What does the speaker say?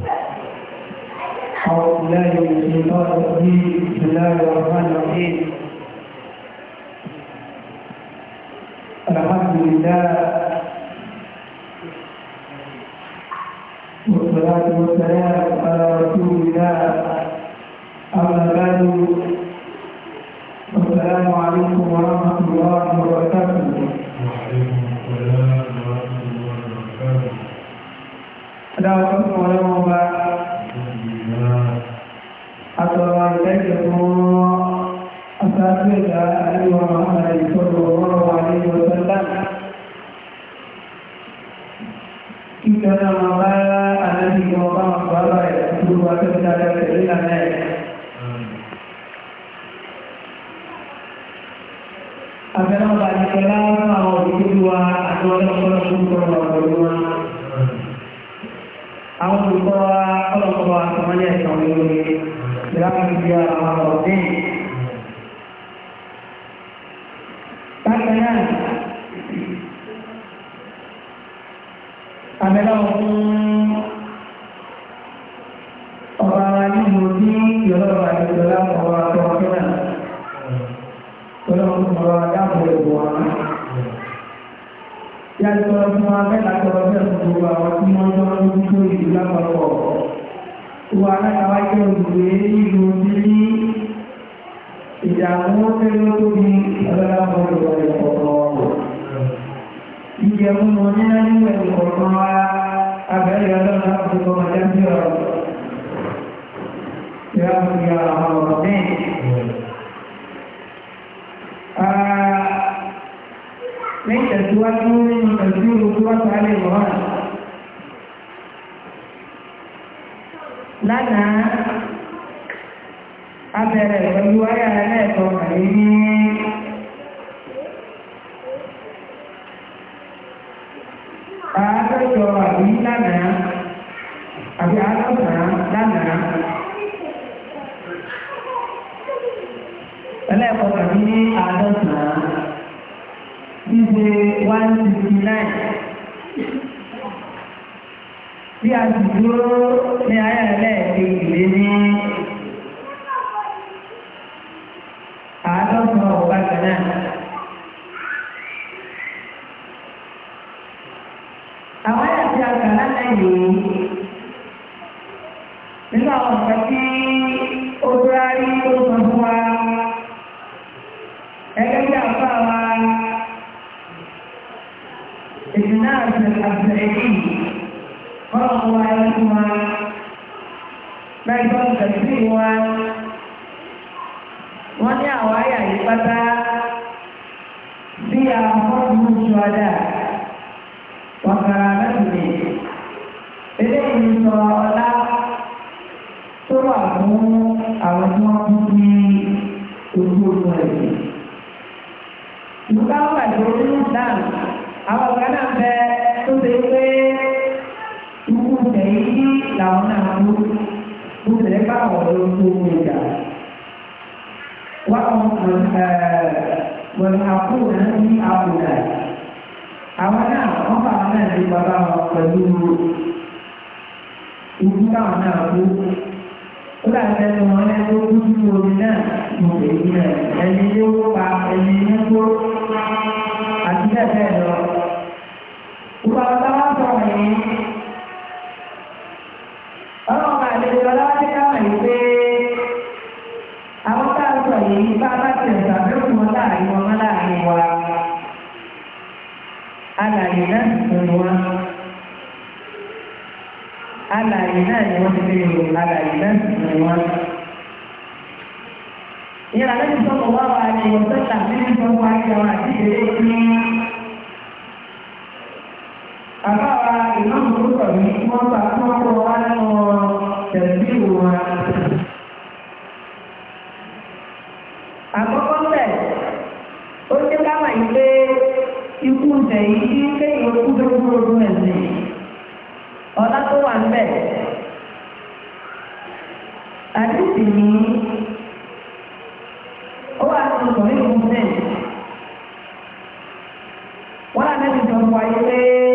أعوذ بالله الشيطان الرجيم بسم الله الرحمن الرحيم الحمد لله والصلاة والسلام على رسول الله dá ọdún fún ọlọ́wọ́ bá àtọ̀rọ̀ àrẹ́kẹ̀ fún asáájú ẹ̀dá àríwá àwọn ìfọ̀rọ̀ ọ̀rọ̀ àríwá sọ́lá kíkẹ́ náà máa bá àlẹ́bí wọn bá wọn bá bá ẹ̀ tó wà tó ń dára tẹ̀lé ìlànà ẹ̀ Àbẹ́lọ́ba ìfẹ́lá àwọn òbí wa àti ọlọ́pọ̀lọpọ̀ ń bọ̀rọ̀ ọ̀rọ̀ wọn àwọn olùkọ́ wa ọlọ́kọ́ wa àtàwọn ilé ẹ̀sán olóore ìlànà ìdí àwọn ọ̀dẹ́yìn yang telah tọrọ fún wa mẹ́ta tọrọ fẹ́ fún gbogbo àwọn tí wọ́n tọrọ ní títí ìlú lápapọ̀ wa alákàwá jẹ́ olùgbé ìlú tí ní ìdààmú tẹ́lẹ̀ tó ní ọlọ́lápọ̀ ìwà ìkọ̀ọ̀kọ̀ ìjẹ múnú nílá nílẹ̀ ìkọ̀ọ̀kan wa abẹ́rẹ́ ní ìtẹ̀síwájú nínú ẹ̀sìn ìwọ́sí alẹ́ ìwọ́n. lánàá abẹ̀rẹ̀ pẹ̀lú ayà ẹlẹ́ẹ̀kan kàrí ní àádọ́jọ àbí lánàá àbí àádọ́sàn lánàá ẹlẹ́ẹ̀kan kàrí ní àádọ́sàn ṣíṣe one sixty nine bí a sì dúró ní ayé ẹlẹ́ẹ̀kejì lé ní àádọ́sán ọ̀gá kan náà. àwọn ẹ̀yà tí a kà lánàá yìí nínú àwọn nǹkan tí bọ́lá wọn wá yẹn fún wa lẹ́yìn bọ́lá tẹ̀sí wa wọ́n ní àwọn àyà yìí pátá sí àwọn ọdún ìṣọ́dá wọn kàrà lẹ́sìn eléyìí sọ ọlá wà lórí náà, àwọn ọ̀gá náà bẹ tó ṣe pé ผู้เสียข้าวโดนทูมีกันว่าเอาเอ่อเหมือนเอาผู้นั้นที่เอาอยู่ไหนเอาว่าหน้าของเราเนี่ยดีกว่าเราไปดูอีกที่เราหน้าดูผู้ใดเป็นคนเนี่ยผู้ที่อยู่เนี่ยหนุ่มเด็กเนี่ยไอ้นี่ลูกปากไอ้นี่ลูกอาทิตย์แรกเลย yìí bá bá ti rẹ̀ sàbẹ̀kùn láàrin wọn láàrin wa alàyè náà ti fún wọn alàyè náà ni wọ́n ti fi lò alàyè náà ti fún wọn. ìyá lẹ́yìn sọ́kọ̀ wá wa ni wọ́n tó tàbí ní sọ́kọ̀ wá ní àwọn àtìgbèrè ní. bàbá wa ìnáwó tó sọ̀rọ̀ ní wọ́n bá tó ń wá nínú tẹ̀síwò wọn. àdìsí ní ó wà ní ọ̀sán ní ìfúnṣẹ́ wọ́n á mẹ́rin sọ fún ayé pé